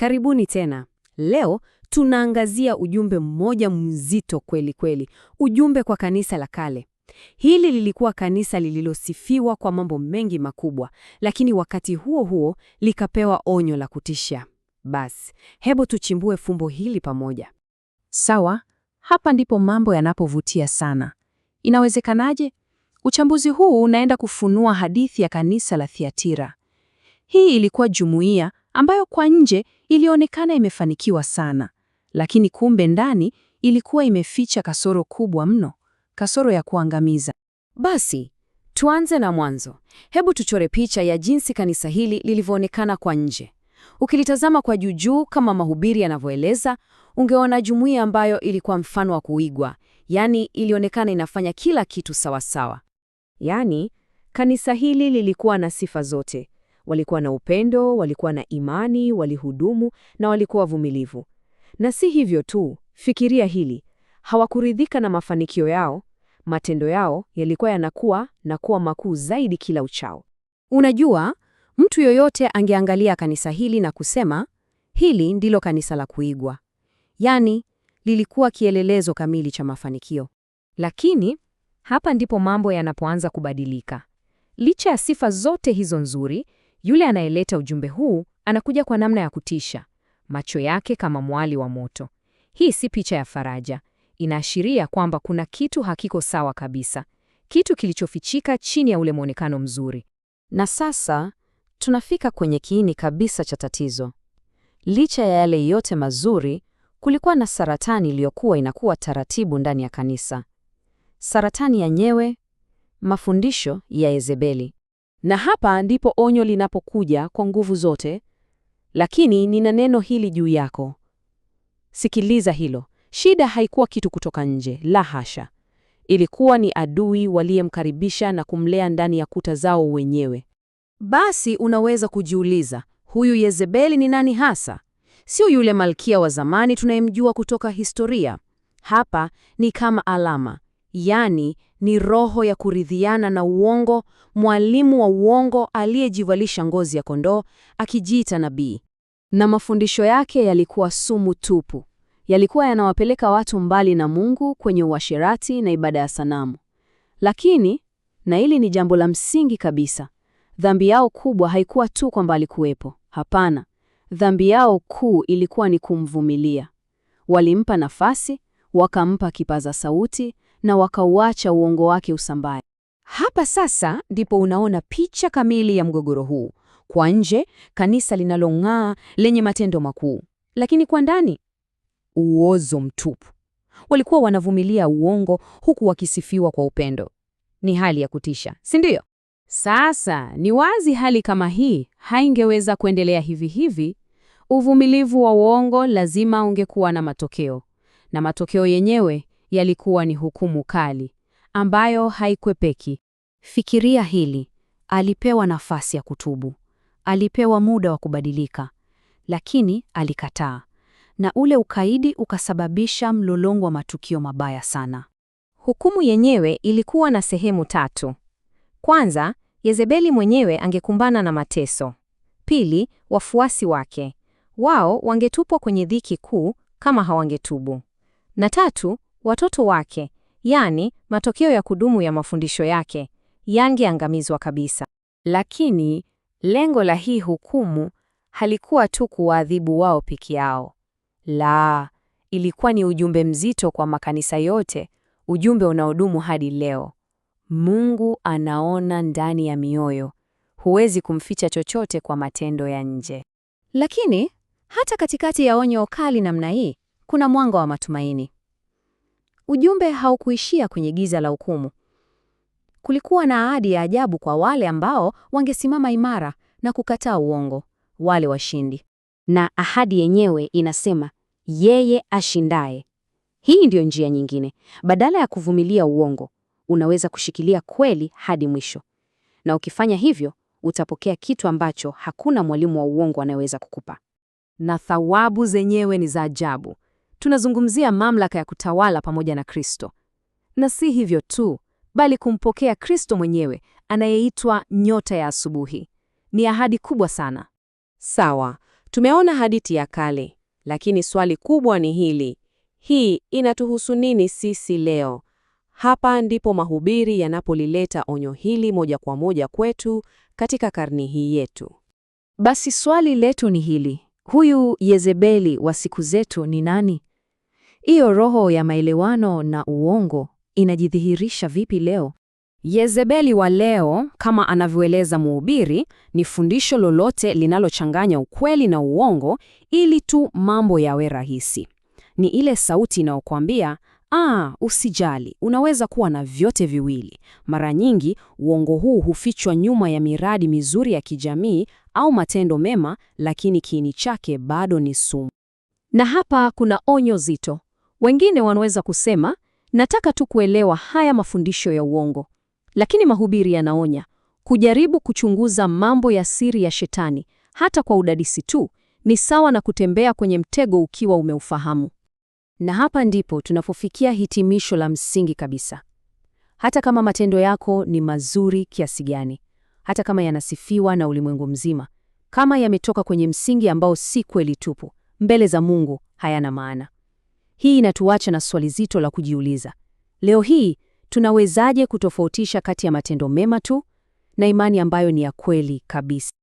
Karibuni tena. Leo tunaangazia ujumbe mmoja mzito kweli kweli, ujumbe kwa kanisa la kale. Hili lilikuwa kanisa lililosifiwa kwa mambo mengi makubwa, lakini wakati huo huo likapewa onyo la kutisha. Basi, hebu tuchimbue fumbo hili pamoja. Sawa, hapa ndipo mambo yanapovutia sana. Inawezekanaje? Uchambuzi huu unaenda kufunua hadithi ya kanisa la Thiatira. Hii ilikuwa jumuiya ambayo kwa nje ilionekana imefanikiwa sana, lakini kumbe ndani ilikuwa imeficha kasoro kubwa mno, kasoro ya kuangamiza. Basi tuanze na mwanzo. Hebu tuchore picha ya jinsi kanisa hili lilivyoonekana kwa nje. Ukilitazama kwa juujuu kama mahubiri yanavyoeleza, ungeona jumuiya ambayo ilikuwa mfano wa kuigwa, yaani ilionekana inafanya kila kitu sawasawa. Yaani kanisa hili lilikuwa na sifa zote: Walikuwa na upendo, walikuwa na imani, walihudumu na walikuwa wavumilivu. Na si hivyo tu, fikiria hili. Hawakuridhika na mafanikio yao, matendo yao yalikuwa yanakuwa na kuwa makuu zaidi kila uchao. Unajua, mtu yoyote angeangalia kanisa hili na kusema, hili ndilo kanisa la kuigwa. Yaani, lilikuwa kielelezo kamili cha mafanikio. Lakini hapa ndipo mambo yanapoanza kubadilika. Licha ya sifa zote hizo nzuri, yule anayeleta ujumbe huu anakuja kwa namna ya kutisha, macho yake kama mwali wa moto. Hii si picha ya faraja, inaashiria kwamba kuna kitu hakiko sawa kabisa, kitu kilichofichika chini ya ule mwonekano mzuri. Na sasa tunafika kwenye kiini kabisa cha tatizo. Licha ya yale yote mazuri, kulikuwa na saratani iliyokuwa inakuwa taratibu ndani ya kanisa. Saratani yenyewe, mafundisho ya Yezebeli. Na hapa ndipo onyo linapokuja kwa nguvu zote. Lakini nina neno hili juu yako. Sikiliza hilo. Shida haikuwa kitu kutoka nje, la hasha. Ilikuwa ni adui waliyemkaribisha na kumlea ndani ya kuta zao wenyewe. Basi unaweza kujiuliza, huyu Yezebeli ni nani hasa? Sio yule malkia wa zamani tunayemjua kutoka historia. Hapa ni kama alama, Yaani ni roho ya kuridhiana na uongo, mwalimu wa uongo aliyejivalisha ngozi ya kondoo akijiita nabii. Na mafundisho yake yalikuwa sumu tupu, yalikuwa yanawapeleka watu mbali na Mungu kwenye uasherati na ibada ya sanamu. Lakini na hili ni jambo la msingi kabisa, dhambi yao kubwa haikuwa tu kwamba alikuwepo. Hapana, dhambi yao kuu ilikuwa ni kumvumilia. Walimpa nafasi, wakampa kipaza sauti, na wakauacha uongo wake usambae. Hapa sasa ndipo unaona picha kamili ya mgogoro huu. Kwa nje, kanisa linalong'aa lenye matendo makuu, lakini kwa ndani, uozo mtupu. Walikuwa wanavumilia uongo huku wakisifiwa kwa upendo. Ni hali ya kutisha, si ndio? Sasa ni wazi hali kama hii haingeweza kuendelea hivi hivi. Uvumilivu wa uongo lazima ungekuwa na matokeo, na matokeo yenyewe yalikuwa ni hukumu kali ambayo haikwepeki. Fikiria hili, alipewa nafasi ya kutubu, alipewa muda wa kubadilika, lakini alikataa, na ule ukaidi ukasababisha mlolongo wa matukio mabaya sana. Hukumu yenyewe ilikuwa na sehemu tatu. Kwanza, Yezebeli mwenyewe angekumbana na mateso. Pili, wafuasi wake wao wangetupwa kwenye dhiki kuu kama hawangetubu. Na tatu, watoto wake, yani matokeo ya kudumu ya mafundisho yake, yangeangamizwa kabisa. Lakini lengo la hii hukumu halikuwa tu kuwaadhibu wao peke yao. La, ilikuwa ni ujumbe mzito kwa makanisa yote, ujumbe unaodumu hadi leo. Mungu anaona ndani ya mioyo. Huwezi kumficha chochote kwa matendo ya nje. Lakini hata katikati ya onyo kali namna hii, kuna mwanga wa matumaini. Ujumbe haukuishia kwenye giza la hukumu. Kulikuwa na ahadi ya ajabu kwa wale ambao wangesimama imara na kukataa uongo, wale washindi. Na ahadi yenyewe inasema yeye ashindaye. Hii ndiyo njia nyingine. Badala ya kuvumilia uongo, unaweza kushikilia kweli hadi mwisho, na ukifanya hivyo utapokea kitu ambacho hakuna mwalimu wa uongo anayeweza kukupa. Na thawabu zenyewe ni za ajabu tunazungumzia mamlaka ya kutawala pamoja na Kristo. Na si hivyo tu, bali kumpokea Kristo mwenyewe anayeitwa nyota ya asubuhi. Ni ahadi kubwa sana. Sawa, tumeona hadithi ya kale, lakini swali kubwa ni hili: hii inatuhusu nini sisi leo? Hapa ndipo mahubiri yanapolileta onyo hili moja kwa moja kwetu katika karni hii yetu. Basi swali letu ni hili: huyu Yezebeli wa siku zetu ni nani? Hiyo roho ya maelewano na uongo inajidhihirisha vipi leo? Yezebeli wa leo, kama anavyoeleza mhubiri, ni fundisho lolote linalochanganya ukweli na uongo ili tu mambo yawe rahisi. Ni ile sauti inayokuambia ah, usijali, unaweza kuwa na vyote viwili. Mara nyingi uongo huu hufichwa nyuma ya miradi mizuri ya kijamii au matendo mema, lakini kiini chake bado ni sumu. Na hapa kuna onyo zito. Wengine wanaweza kusema, nataka tu kuelewa haya mafundisho ya uongo. Lakini mahubiri yanaonya, kujaribu kuchunguza mambo ya siri ya Shetani hata kwa udadisi tu ni sawa na kutembea kwenye mtego ukiwa umeufahamu. Na hapa ndipo tunapofikia hitimisho la msingi kabisa. Hata kama matendo yako ni mazuri kiasi gani, hata kama yanasifiwa na ulimwengu mzima, kama yametoka kwenye msingi ambao si kweli tupu, mbele za Mungu hayana maana. Hii inatuacha na swali zito la kujiuliza. Leo hii tunawezaje kutofautisha kati ya matendo mema tu na imani ambayo ni ya kweli kabisa?